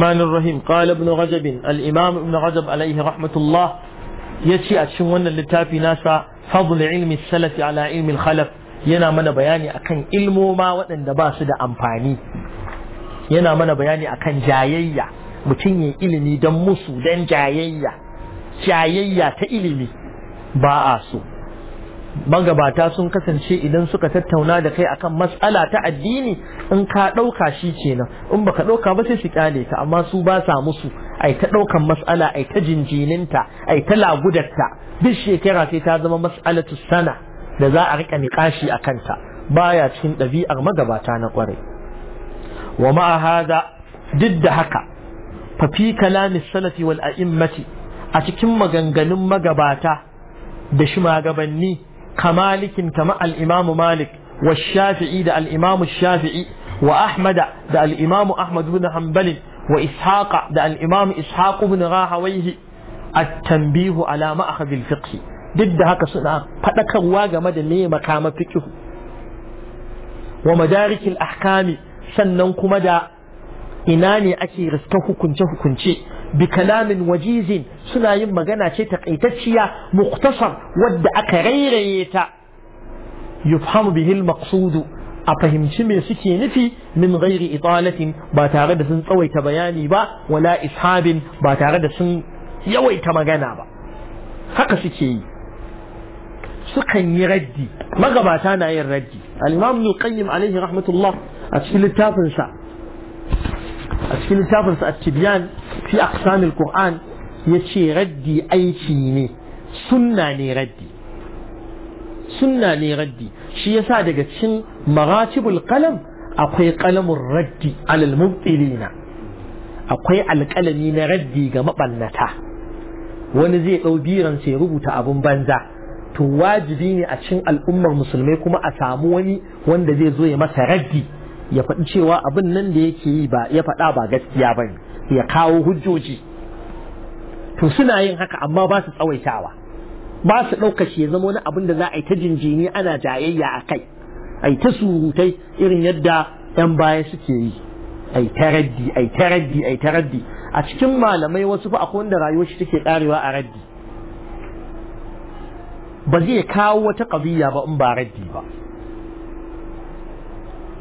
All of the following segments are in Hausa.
الرحمن الرحيم قال ابن رجب الإمام ابن رجب عليه رحمة الله يشي أتشون اللتافي ناسا فضل علم السلف على علم الخلف yana mana bayani akan ilmoma waɗanda ba su da amfani yana mana bayani akan jayayya mutum ya ilimi dan musu dan jayayya jayayya ta ilimi ba a so magabata sun kasance idan suka tattauna da kai akan matsala ta addini in ka ɗauka shi kenan in baka ɗauka ba sai su kyale ka amma su ba sa musu ai ta ɗaukan matsala ai ta jinjininta ai ta lagudarta duk shekara sai ta zama mas'alatu sana da za a riƙa niƙashi a kanta baya cikin ɗabi'ar magabata na ƙwarai wa ma'a hada duk da haka fa fi kalami salafi wal a'immati a cikin maganganun magabata da shi magabanni كمالك كما الإمام مالك والشافعي ده الإمام الشافعي وأحمد ده الإمام أحمد بن حنبل وإسحاق ده الإمام إسحاق بن راهويه التنبيه على مأخذ الفقه ضد هكا سنة suna faɗakarwa مدى لي مكام فقه ومدارك الأحكام madarikil ahkami ina ne ake riska hukunce hukunce bi kalamin wajizin suna yin magana ce takaitacciya muktasar wadda aka rairaye ta yufhamu bihil maqsudu a fahimci me suke nufi min ghairi italatin ba tare da sun tsawaita bayani ba wala ishabin ba tare da sun yawaita magana ba haka suke yi sukan yi raddi magabata na yin raddi al-imam qayyim alaihi rahmatullah a cikin littafinsa a cikin littafin sa at-tibyan fi aqsamil ya yace raddi aiki ne sunna ne raddi sunna ne raddi shi yasa daga cikin maratibul kalam akwai kalamun raddi alal mubtilina akwai alƙalami na raddi ga mabannata wani zai ɗau biran sai rubuta abun banza to wajibi ne a cikin al'ummar musulmai kuma a samu wani wanda zai zo ya masa raddi ya faɗi cewa abin nan da yake yi ba ya faɗa ba gaskiya ba ya kawo hujjoji to suna yin haka amma ba su tsawaitawa ba su ɗauka ya zama wani abin da za a yi ta jinjini ana jayayya a kai a yi ta surutai irin yadda 'yan baya suke yi a yi ta raddi a yi ta raddi a yi ta raddi a cikin malamai wasu fa akwai wanda rayuwar shi take karewa a raddi ba zai kawo wata ƙabiya ba in ba raddi ba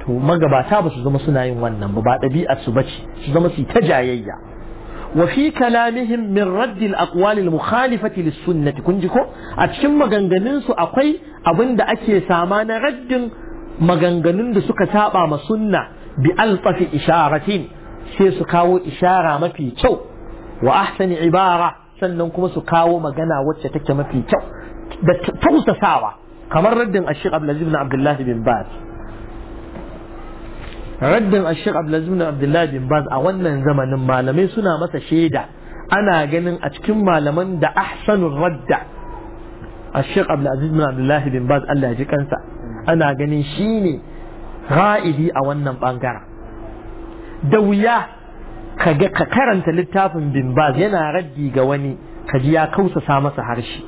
to magabata ba su zama suna yin wannan ba ba ɗabi'ar su bace su zama su ta jayayya wa fi kalamihim min raddil aqwalil mukhalifati lis sunnati kun ji ko a cikin maganganun su akwai abin da ake sama na raddin maganganun da suka saba ma sunna bi alfafi isharatin sai su kawo ishara mafi kyau wa ahsani ibara sannan kuma su kawo magana wacce take mafi kyau da tausasawa kamar raddin ashiq abdulaziz bin bin baz raddin ashir abdulaziz abdullahi bin baz a wannan zamanin malamai suna masa shaida ana ganin a cikin malaman da ahsanun radda ashir abdulaziz bin abdullahi bin baz Allah ya ji kansa ana ganin shi ne ra'idi a wannan bangara. da wuya ka ga ka karanta littafin bin baz yana raddi ga wani ka ji ya kausasa masa harshe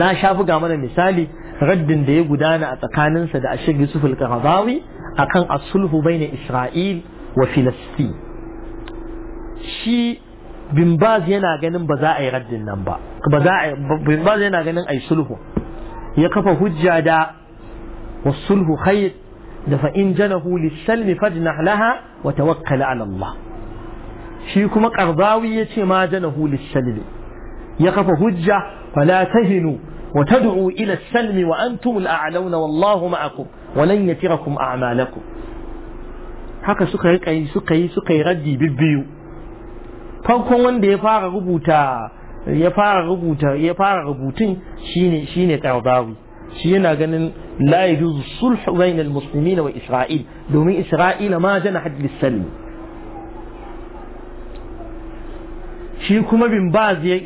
na sha buga mana misali raddin da ya gudana a tsakaninsa da ashir yusuf al-qaradawi akan asulhu bayna Isra'il wa Filistin shi bin Baz yana ganin ba za a yi raddin nan ba ba za a bin Baz yana ganin ai sulhu ya kafa hujja da sulhu khair da fa in janahu lis-salmi fajnah laha wa tawakkal 'ala Allah shi kuma qardawi yace ma janahu lis-salmi ya kafa hujja fala tahinu وتدعو إلى السلم وأنتم الأعلون والله معكم ولن يتركم أعمالكم haka suka yi suka yi suka yi raddi bibbiyu farkon wanda ya fara rubuta ya fara rubuta ya fara rubutun shine shine qardawi shi yana ganin la yajuzu sulh bainal muslimina wa isra'il domin isra'ila ma jana hadlis salmi shi kuma bin baz ya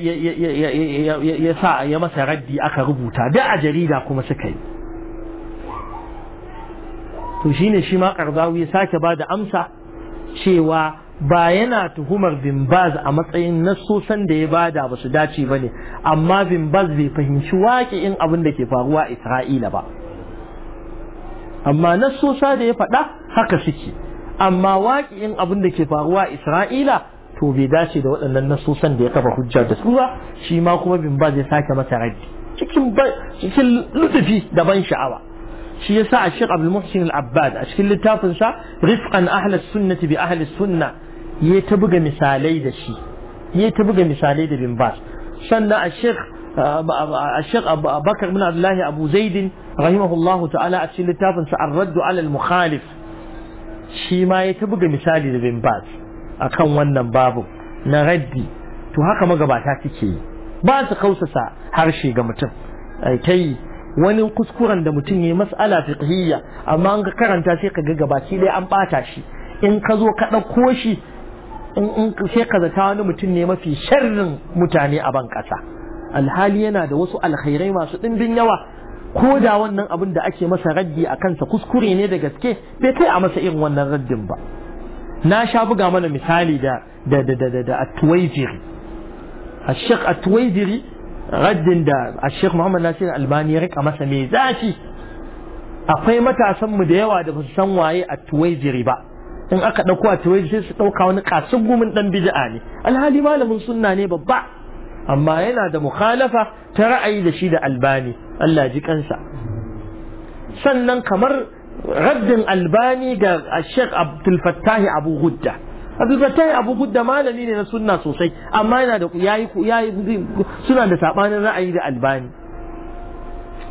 sa ya masa raddi aka rubuta da a jarida kuma suka yi to shine shi ma ya sake ba da amsa cewa ba yana tuhumar bin baz a matsayin nasosan da ya bada ba su dace ba ne amma bin baz bai fahimci wake in abin da ke faruwa isra'ila ba amma nasosa da ya faɗa haka suke amma wake in abin da ke faruwa isra'ila to bai dace da waɗannan nasusan da ya kafa hujja da su ba shi ma kuma bin ba zai sake masa raddi cikin lutufi da ban sha'awa shi yasa a shi abu Muhsin al a cikin littafin sa ahalar Ahli Sunnati bi Ahli Sunna ya ta buga misalai da shi ya ta buga misalai da bin ba sannan a shi a Sheikh Abubakar bin abdullahi Abu zaidin rahimahullahu ta'ala a cikin littafin sa Ar-Radd 'ala mukhalif shi ma ya ta buga misali da bin ba akan wannan babu na raddi to haka magabata suke yi ba su kausasa harshe ga mutum ai wani kuskuren da mutum ya mas'ala fiqhiyya amma an ga karanta sai ka ga gabaki dai an bata shi in ka zo ka ɗauko shi in sai ka zata wani mutum ne mafi sharrin mutane a ban ƙasa alhali yana da wasu alkhairai masu dindin yawa ko da wannan abin da ake masa raddi a kansa kuskure ne da gaske bai kai a masa irin wannan raddin ba na sha buga mana misali da da da da da at raddin da ashek Muhammad Nasir Albani ya rika masa mai zafi akwai matasanmu da yawa da ba su san waye at-tuwaiziri ba in aka ɗauko at sai su ɗauka wani gumin ɗan bid'a ne alhali malamin sunna ne babba amma yana da mukhalafa ta ra'ayi da shi da Albani Allah ji kansa sannan kamar raddin albani ga Sheikh Abdul Fattahi Abu Hudda Abdul Fattahi Abu Hudda malami ne na sunna sosai amma yana da yayi yayi suna da sabanin ra'ayi da albani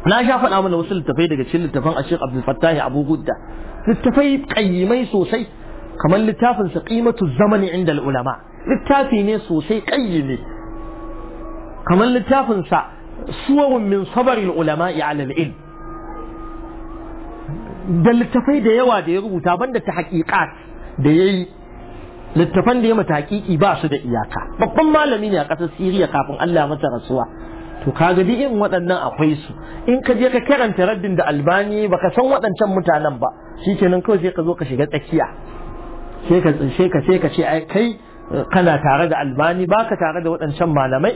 na sha faɗa mana wasu littafai daga cikin littafan a Sheikh Abdul Fattahi Abu Hudda littafai kayyimai sosai kamar littafin sa qimatu zamani inda ulama littafi ne sosai kayyimi kamar littafin sa suwarun min sabaril ulama'i ala al-ilm da littafai da yawa da ya rubuta banda ta haƙiƙat da ya yi littafan da ya mata haƙiƙi ba su da iyaka babban malami ne a ƙasar siriya kafin allah masa rasuwa to ka ga irin waɗannan akwai su in ka je ka karanta raddin da albani ba ka san waɗancan mutanen ba Shi nan kawai sai ka zo ka shiga tsakiya sai ka sai ka ce ai kai kana tare da albani ba ka tare da waɗancan malamai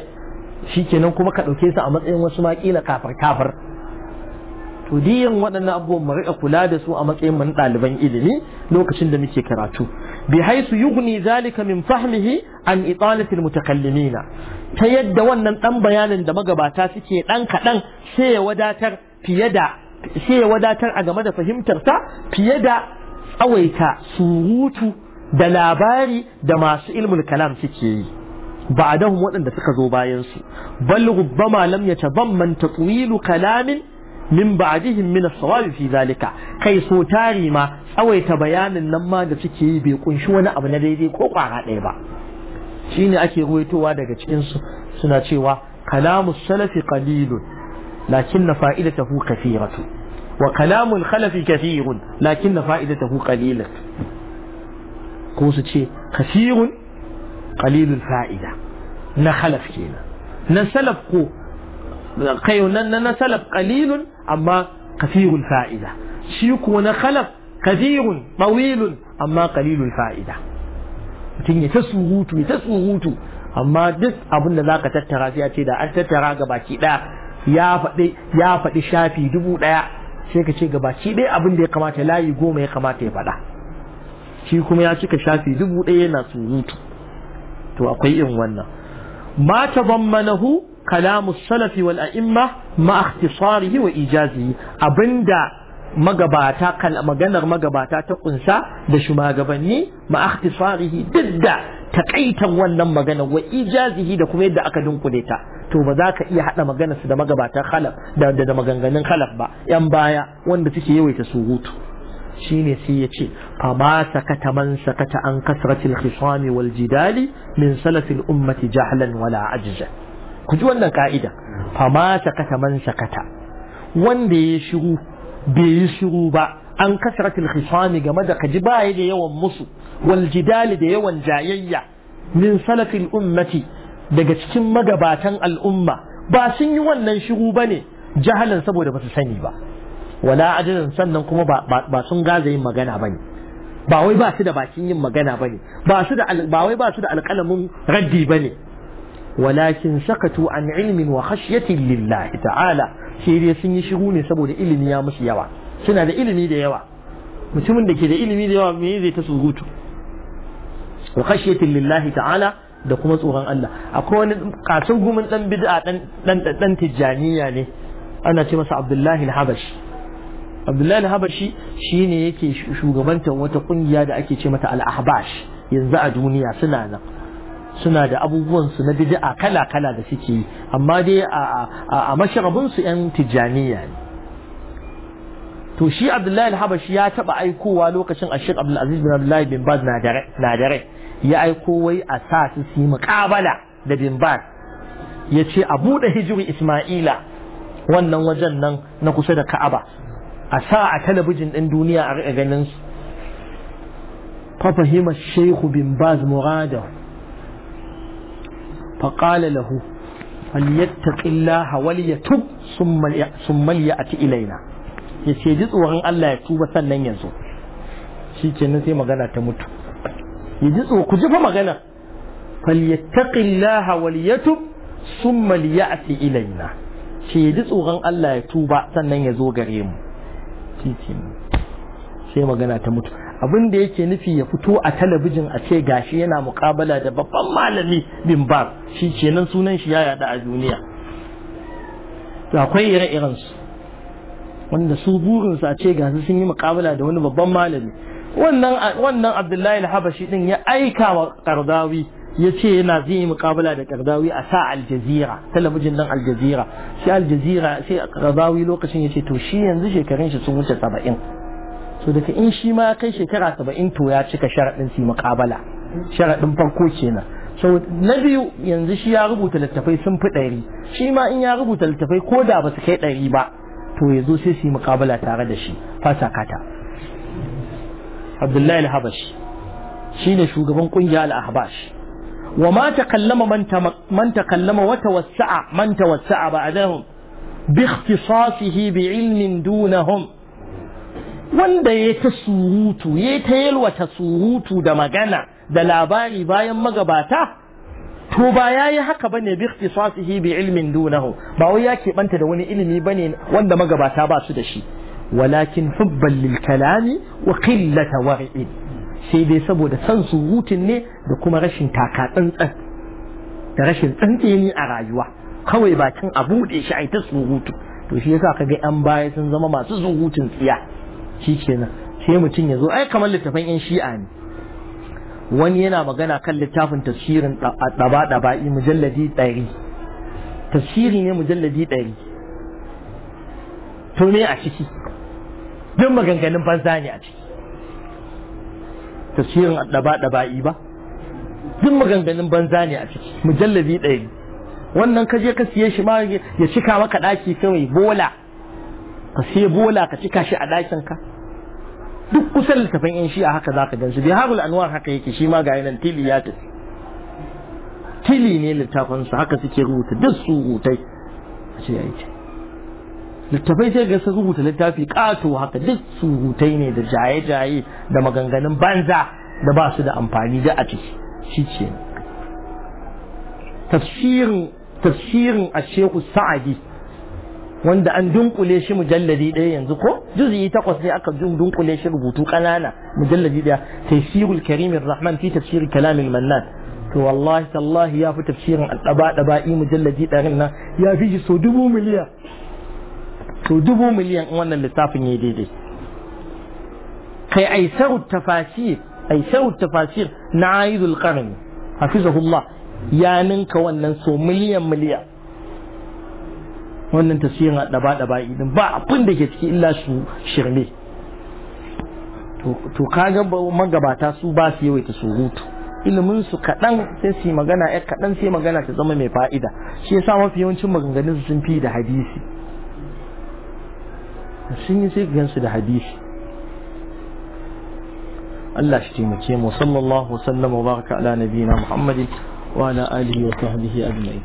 shikenan kuma ka ɗauke su a matsayin wasu maƙila kafar-kafar. to diyan waɗannan abubuwan mu riƙa kula da su a matsayin mun ɗaliban ilimi lokacin da muke karatu bi haisu yughni zalika min fahmihi an italati almutakallimina ta yadda wannan ɗan bayanin da magabata suke ɗan kaɗan sai ya wadatar fiye da sai ya wadatar a game da fahimtar ta fiye da tsawaita surutu da labari da masu ilmul kalam suke yi suka zo تكذوا باينسو بل ربما لم يتضمن تطويل kalamin. min ba'dihim min as-sawabi fi zalika kai so tari ma tsawaita bayanin nan ma da suke yi bai kunshi wani abu na daidai ko kwara ɗaya ba shine ake ruwaitowa daga cikin su suna cewa kalamu salafi qalilun lakinna fa'idatuhu kathiratu wa kalamul khalafi kathirun lakinna fa'idatuhu qalilat ko su ce kathirun qalilul fa'ida na khalaf kenan na salaf ko kai na salaf qalilun amma kafirun fa'ida shi ko na khalaq kasirun tawilun amma qalilul fa'ida mutum ya ta surutu ya ta surutu amma duk abin da zaka tattara sai a ce da an tattara ga ɗaya ya faɗi shafi dubu ɗaya. sai ka ce gabaci ɗaya abin da ya kamata layi goma ya kamata ya faɗa shi kuma ya cika shafi dubu ɗaya yana surutu to akwai irin wannan ma ta zammanahu kalamu salafi wal a'imma ma ikhtisarihi wa ijazihi abinda maganar magabata ta kunsa da shugabanni ma ikhtisarihi duk da takaitan wannan maganar wa ijazihi da kuma yadda aka dunkule ta to ba za ka iya hada maganar su da magabatan da maganganun khalaf ba yan baya wanda suke yawaita surutu shine sai ya ce fa ma sakata man sakata an kasratil khisami wal jidali min salafil ummati jahlan wala ajza ku ji wannan ka'ida fama sakata man sakata wanda ya shiru bai yi shiru ba an kasratul khisami game da kaji baya da yawan musu wal jidali da yawan jayayya min salafil ummati daga cikin magabatan al'umma ba sun yi wannan shiru ne jahalan saboda ba su sani ba wala ajinan sannan kuma ba sun gaza yin magana ba wai ba su da bakin yin magana ba ne, ba wai ba su da alƙalamin raddi bane walakin sakatu an ilmin wa khashyatin lillah ta'ala sai dai sun yi shiru ne saboda ilimi ya musu yawa suna da ilimi da yawa mutumin da ke da ilimi da yawa me zai ta surutu wa khashyatin lillah ta'ala da kuma tsoron Allah akwai wani kasan gumin dan bid'a dan dan ne ana ce masa Abdullahi al-Habashi Abdullahi al-Habashi shine yake shugabantar wata kungiya da ake ce mata al-Ahbash yanzu a duniya suna nan suna da abubuwan su na bid'a kala kala da suke yi amma dai a a yan tijaniya ne to shi Abdullahi al-Habashi ya taba aikowa lokacin Ashir Abdul Aziz bin Abdullahi bin Baz na dare ya aiko wai a sa su su yi muqabala da bin Baz ya ce a buɗe hijiri Ismaila wannan wajen nan na kusa da Ka'aba a sa a talabijin ɗin duniya a ganin su fahimar الشيخ bin baz muradahu فقال له فليتق الله وليتب ثم ليأتي إلينا yace ji tsoron Allah ya tuba sannan ya zo shi kenan sai magana ta mutu ya ji ku ji fa magana falyattaqillaha walyatub thumma liya'ti ilaina ce ya ji Allah ya tuba sannan ya zo gare mu shi kenan sai magana ta mutu abin da yake nufi ya fito a talabijin a ce gashi yana muƙabala da babban malami bin bar shi kenan sunan shi ya yada a duniya to akwai ire iren su wanda su burinsu a ce gasu sun yi muƙabala da wani babban malami wannan wannan Abdullahi al-Habashi din ya aika wa Qardawi ya ce yana zai yi mukabala da kardawi a sa aljazira talabijin dan aljazira shi aljazira sai kardawi lokacin ya ce to shi yanzu shekarun shi sun wuce saba'in so daga in shi ma kai shekara saba'in to ya cika sharaɗin su muƙabala sharaɗin farko kenan so na biyu yanzu shi ya rubuta littafai sun fi ɗari shi ma in ya rubuta littafai ko da ba su kai ɗari ba to yanzu sai su yi muƙabala tare da shi fasa kata abdullahi al shi ne shugaban ƙungiyar al wa ma takallama man takallama ba tawassa'a man tawassa'a ba'dahum bi ikhtisasihi bi ilmin dunahum wanda ya ta surutu ya ta yalwata surutu da magana da labari bayan magabata to ba ya yi haka bane bi ikhtisasihi bi ilmin dunahu ba wai ya keɓanta da wani ilimi bane wanda magabata ba su da shi walakin hubban lil kalami wa qillata war'i sai dai saboda san surutun ne da kuma rashin taka tsantsan da rashin tsantseni a rayuwa kawai bakin a buɗe shi a ta surutu to shi yasa kaga yan baya sun zama masu surutun tsiya shi kenan sai mutum ya zo ai kamar littafin yan shi'a ne wani yana magana kan littafin tafsirin daba daba'i mujalladi ɗari tafsiri ne mujalladi ɗari to ne a ciki duk maganganun banza ne a ciki tafsirin daba daba'i ba duk maganganun banza ne a ciki mujalladi ɗari wannan kaje ka siye shi ma ya cika maka ɗaki kawai bola ka sai bola ka cika shi a ɗakin ka duk kusan littafin shi a haka za ka gansu biharul anwar haka yake shi ma ga nan tili ya tafi tili ne littafin su haka suke rubuta duk surutai a ce yayi ce littafai sai ga su rubuta littafi ƙato haka duk surutai ne da jaye-jaye da maganganun banza da ba su da amfani da a ciki shi ce tafsirin tafsirin a shehu sa'adi wanda an dunkule shi mujalladi ɗaya yanzu ko juz'i takwas ne aka dunkule shi rubutu ƙanana mujalladi ɗaya tafsirul karimin rahman fi tafsir kalamin mannan to wallahi tallahi ya fi tafsirin ɗaba ɗaba'i mujalladi ɗarin nan ya fi shi sau dubu miliyan Sau dubu miliyan in wannan lissafin ya daidai kai aisaru tafasir aisaru tafasir na aidul qarni hafizahullah ya ninka wannan sau miliyan miliyan wannan tasirin a daba daba idan ba abin da ke ciki illa su shirme to kaga magabata su ba su yawaita surutu ilimin su kaɗan sai su yi magana ya kaɗan sai magana ta zama mai fa'ida shi ya yasa mafi yawancin su sun fi da hadisi sun yi sai gansu da hadisi Allah shi taimake mu sallallahu wa sallama wa baraka ala nabiyina Muhammadin wa ala alihi wa sahbihi ajma'in